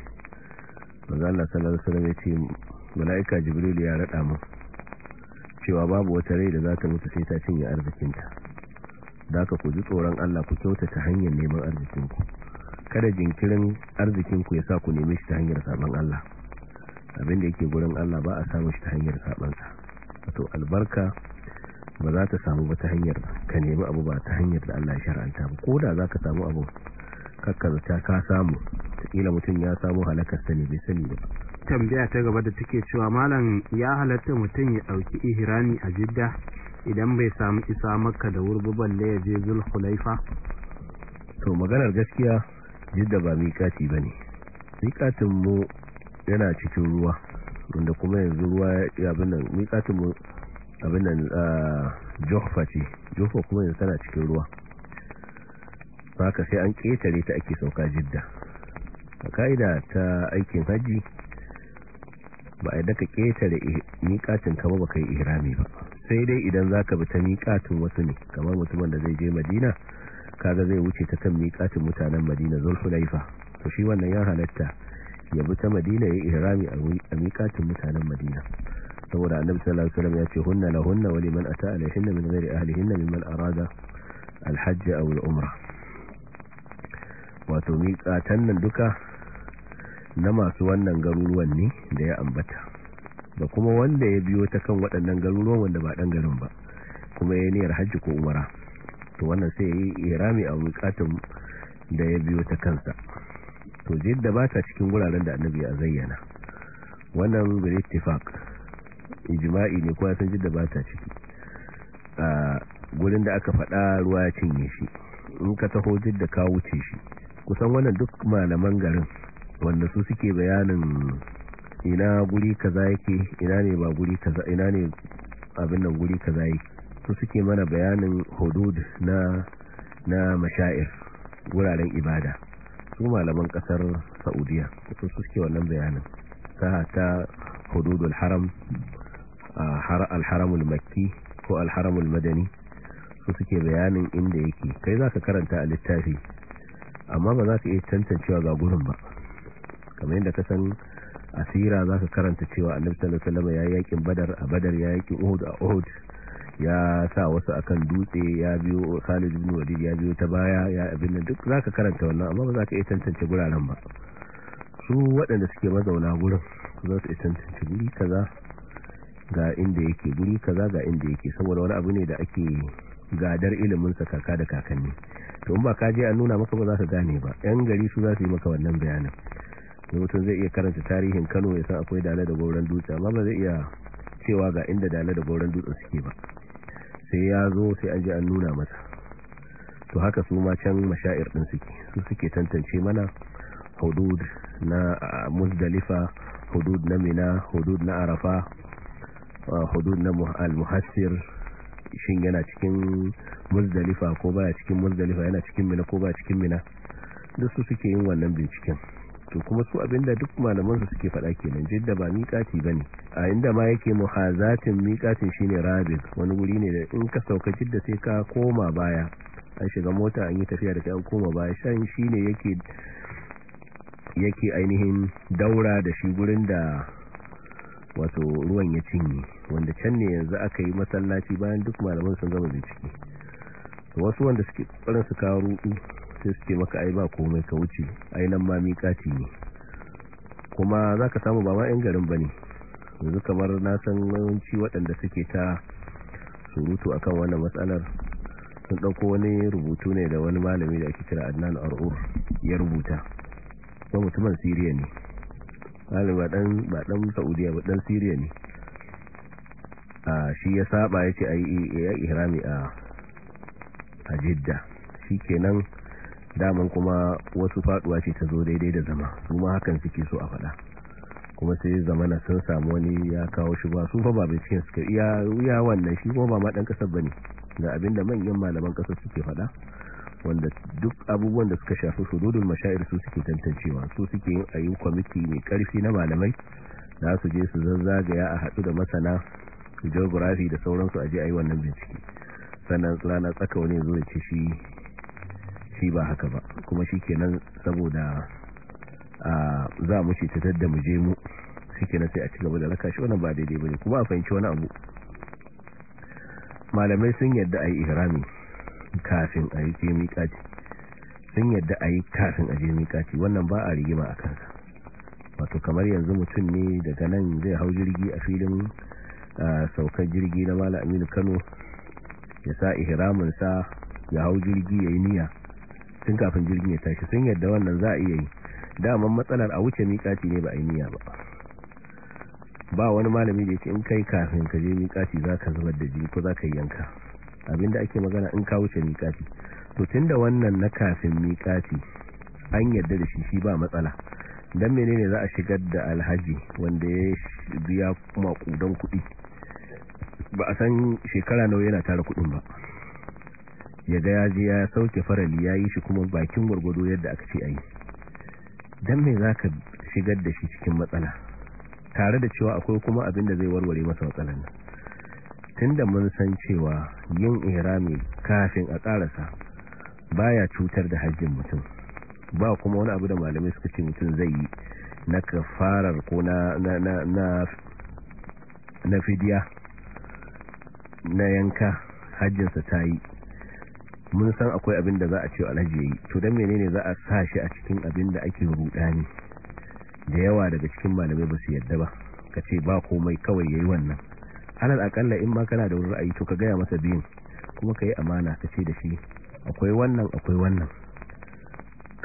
manzo Allah sallallahu alaihi wasallam yace malaika jibril ya raɗa mu cewa babu wata rai da za ta mutu sai ta cinye arzikinta daka ku ji tsoron Allah ku kyautata hanyar neman arzikinku kada jinkirin arzikinku ya sa ku neme shi ta hanyar saban Allah abin da yake gurin Allah ba a samu shi ta hanyar sabansa wato albarka ba za ta samu ba ta hanyar ka nemi abu ba ta hanyar da Allah ya shar'anta ba ko da za ka samu abu ta ka samu kila mutum ya samu halakar sani bai sani ba tambaya ta gaba da take cewa malam ya halatta mutum ya dauki ihrami a jidda idan bai samu isa makka da wurbu balle ya je zulhulaifa to maganar gaskiya jidda ba miƙati bane miƙatin mu yana cikin ruwa wanda kuma yanzu ruwa ya abin nan miƙatin mu abin nan ah, jofa ce jofa kuma yanzu tana cikin ruwa ba ka sai an ƙetare ta ake sauka jidda a ka'ida ta aikin hajji ba a daka ƙetare miƙatin kama ba kai ihrami ba sai dai idan za ka bi ta miƙatin wasu ne kamar mutumin da zai je madina kaga zai wuce ta kan miƙatin mutanen madina zulhulaifa to shi wannan ya halatta ya bi ta madina ya yi ihrami a miƙatin mutanen madina saboda annabi sallallahu alaihi wasallam ya ce hunna lahunna wa liman ata alaihinna min ghairi ahlihinna mimman arada alhajj aw alumra wato miƙatan nan duka na masu wannan garuruwan ne da ya ambata da kuma wanda ya biyo ta kan waɗannan garuruwan wanda ba ɗan garin ba kuma ya niyyar hajji ko umara to wannan sai ya irami a miƙatan da ya biyo ta kansa to jidda ba ta cikin wuraren da annabi ya zayyana wannan bil ittifaq ijma'i ne kowa san jidda ba ta ciki a gurin da aka faɗa ruwa ya cinye shi in ka taho jidda ka wuce shi kusan wannan duk malaman garin wanda su suke bayanin ina guri kaza yake ina ne ba guri kaza ina ne abin nan guri kaza yake su suke mana bayanin hudud na na mashair wuraren ibada su malaman kasar saudiya su suke wannan bayanin fasaha ta hududul haram al-haramul makki ko al-haramul madani su suke bayanin inda yake kai zaka karanta a littafi amma ba za ka iya tantancewa ga gurin ba kamar yadda ka san asira za ka karanta cewa annabi sallallahu ya yakin badar a badar ya yakin uhud a uhud ya sa wasu akan dutse ya biyo Khalid bin Walid ya biyo ta baya ya abin duk zaka karanta wannan amma ba za ka iya tantance guraren ba su waɗanda suke mazauna wurin za su cancanci guri kaza ga inda yake guri kaza ga inda yake saboda wani abu ne da ake gadar ilimin sa kaka da kakanni to in ba ka je an nuna maka ba za ka gane ba yan gari su za su yi maka wannan bayanin mutum zai iya karanta tarihin Kano ya san akwai dala da gauran dutse amma ba zai iya cewa ga inda dala da gauran dutse suke ba sai ya zo sai an je an nuna masa to haka su ma can mashair din suke su suke tantance mana hudud na muzdalifa hudud na mina hudud na arafa hudud na al-muhassir shin yana cikin muzdalifa ko baya cikin muzdalifa yana cikin mina ko baya cikin mina duk su suke yin wannan binciken to kuma su abinda duk malaman su suke faɗa kenan jidda ba miƙati bane a inda ma yake muhazatin miƙatin shine rabin wani wuri ne da in ka sauka jidda sai ka koma baya an shiga mota an yi tafiya da kai an koma baya shan shine yake yake ainihin daura da shi gurin da wato ruwan ya cinye wanda can ne yanzu aka yi masallaci bayan duk malaman sun zama bincike wasu wanda suke ƙoƙarin su kawo rudu sai suke maka ai ba komai ka wuce ainihin nan ma ne kuma za ka samu ba ma 'yan garin ba ne yanzu kamar na san yawanci waɗanda suke ta surutu a kan wannan matsalar sun ɗauko wani rubutu ne da wani malami da ake kira adnan ar'ur ya rubuta ba mutumin siriya ne ƙalin ba dan saudiya ba dan siriya ne a shi ya saba ya ce a yi ihrami a jidda shi kenan daman kuma wasu faduwa ce ta zo daidai da zama su ma hakan suke so a faɗa kuma sai zamana sun samu wani ya kawo shi ba su ba ba binciken suka iya wannan shi kuma ba ma ƙasar ba ne ga da manyan malaman kasar suke faɗa. wanda duk abubuwan da suka shafi sududul mashayar su suke tantancewa su suke yin ayyukan kwamiti mai karfi na malamai za su je su zazzagaya a haɗu da masana geography da sauransu a je a yi wannan bincike sannan tsana tsaka wani zo ya ce shi ba haka ba kuma shi kenan saboda za mu shi tattar da mu je mu shi kenan sai a ci gaba da raka shi wannan ba daidai ba ne kuma a fahimci wani abu malamai sun yadda a yi ihrami kafin a yi je miƙaci sun yadda a yi kafin a je miƙaci wannan ba a rigima a kansa wato kamar yanzu mutum ne daga nan zai hau jirgi a filin saukar jirgi na mala aminu kano ya sa ihiraminsa ya hau jirgi ya yi niyya tun kafin jirgin ya tashi sun yadda wannan za a iya yi daman matsalar a wuce miƙaci ne ba a yi niya ba ba wani malami da ya ce in kai kafin ka je miƙaci za ka zubar da jini ko za ka yi yanka abinda ake magana in ka wuce miƙati to tunda wannan na kafin miƙati an yadda da shi shi ba matsala dan menene za a shigar da alhaji wanda ya biya kudan kuɗi ba a san shekara nawa yana tara kuɗin ba ya ga ya je ya sauke farali ya yi shi kuma bakin gwargwado yadda aka ce a yi don mai za ka shigar da shi cikin matsala tare da cewa akwai kuma abin da zai warware masa matsalan nan tunda mun san cewa yin ihrami kafin a karasa baya cutar da hajjin mutum ba kuma wani abu da malamai suka ce mutum zai yi na kafarar ko na na na na yanka hajjinsa ta yi mun san akwai abin da za a ce alhaji ya yi to don menene za a sa shi a cikin abin da ake rudani da yawa daga cikin malamai ba su yadda ba ka ce ba komai kawai ya yi wannan alal akalla in ba kana da wani ra'ayi to ka gaya masa biyun kuma ka yi amana ka ce da shi akwai wannan akwai wannan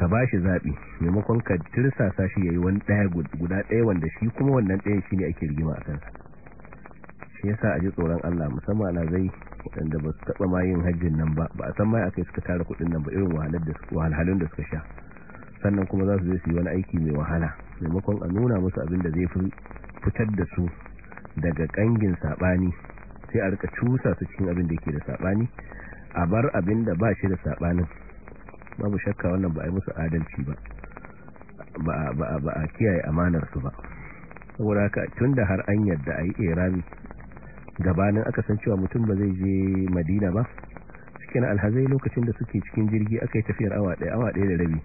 ka ba shi zaɓi maimakon ka tirsasa shi ya yi wani ɗaya guda ɗaya wanda shi kuma wannan ɗaya shi ne ake rigima a kansa shi sa a ji tsoron Allah musamman ana zai waɗanda ba su taɓa ma yin hajjin nan ba ba a san ma aka suka tara kuɗin nan ba irin wahalhalun da suka sha sannan kuma za su zai su yi wani aiki mai wahala maimakon a nuna musu abin da zai fitar da su daga kangin sabani sai a rika cusa su cikin abin da yake da sabani a bar abin da ba shi da sabanin babu shakka wannan ba a yi musu adalci ba ba a kiyaye amanar su ba saboda haka da har an yadda a yi irami gabanin aka san cewa mutum ba zai je madina ba cikin alhazai lokacin da suke cikin jirgi aka yi tafiyar awa ɗaya awa ɗaya da rabi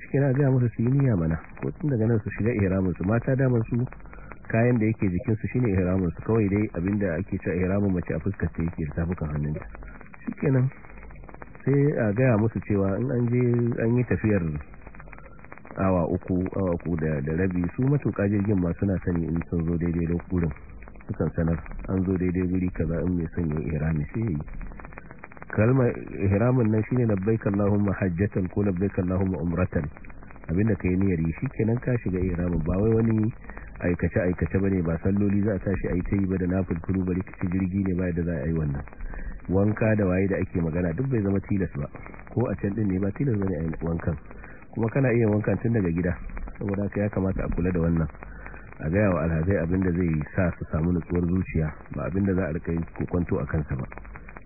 cikin a gaya musu su yi niyya mana ko tun daga nan su shiga iramunsu mata damar su kayan da yake jikin su shine ihramin su kawai dai abinda ake cewa ihramin mace a fuskar ta yake da hannun hannunta shikenan sai a gaya musu cewa in an je an yi tafiyar awa uku awa uku da da rabi su matuƙa jirgin ma suna sani in sun zo daidai da gurin sukan sanar an zo daidai guri kaza in mai son yin ihrami sai yi kalmar ihramin nan shine labbaik allahumma hajjatan ko labbaik allahumma umratan abinda kai niyyar yi kenan ka shiga ihramin ba wai wani aikace-aikace ba ba salloli za a tashi a yi ta yi ba da nafin kuru bari kici jirgi ne ba yadda za a yi wannan wanka da waye da ake magana duk bai zama tilas ba ko a can din ne ba tilas bane a yi wankan kuma kana iya wankan tun daga gida saboda haka ya kamata a kula da wannan a gaya wa alhazai abinda zai sa su samu nutsuwar zuciya ba abinda za a rika ko kokonto a kansa ba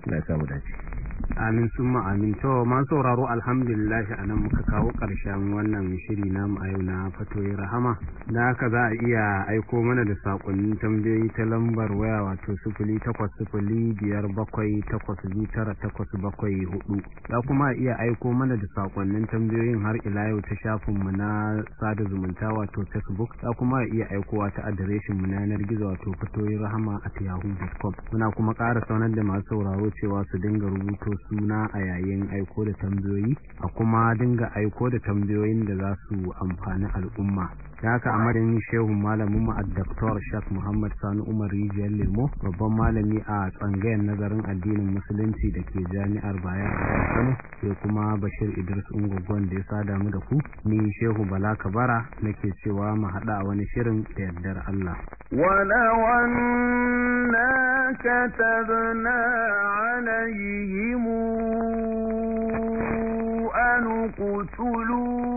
na samu dace amin sun ma'amin to ma sauraro alhamdulillah nan muka kawo ƙarshen wannan shiri na ma'ayu na fatoyi rahama da haka za a iya aiko mana da sakonnin tambayoyi ta lambar waya wato sufuli takwas sufuli biyar bakwai takwas biyu tara takwas bakwai hudu da kuma iya aiko mana da sakonnin tambayoyin har ila yau ta shafinmu na sada zumunta wato facebook da kuma iya aikowa ta adireshin mu na yanar gizo wato fatoyi rahama at yahoo.com muna kuma ƙara sanar da masu sauraro cewa su dinga rubutu rubuto suna a yayin aiko da tambayoyi a kuma dinga aiko da tambayoyin da za su amfani al'umma da haka a marin shehun malamin mu daktar shak muhammad sani umar rijiyar lemo babban malami a tsangayar nazarin addinin musulunci da ke jami'ar bayan kano sai kuma bashir idris ungogon da ya sa damu da ku ni shehu bala kabara ke cewa mu haɗa a wani shirin da yardar allah أن قتلوا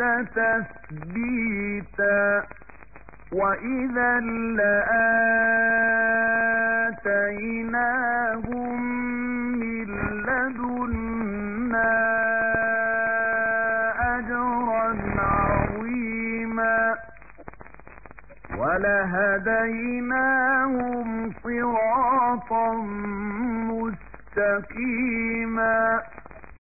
الأرض تثبيتا وإذا لآتيناهم من لدنا أجرا عظيما ولهديناهم صراطا مستقيما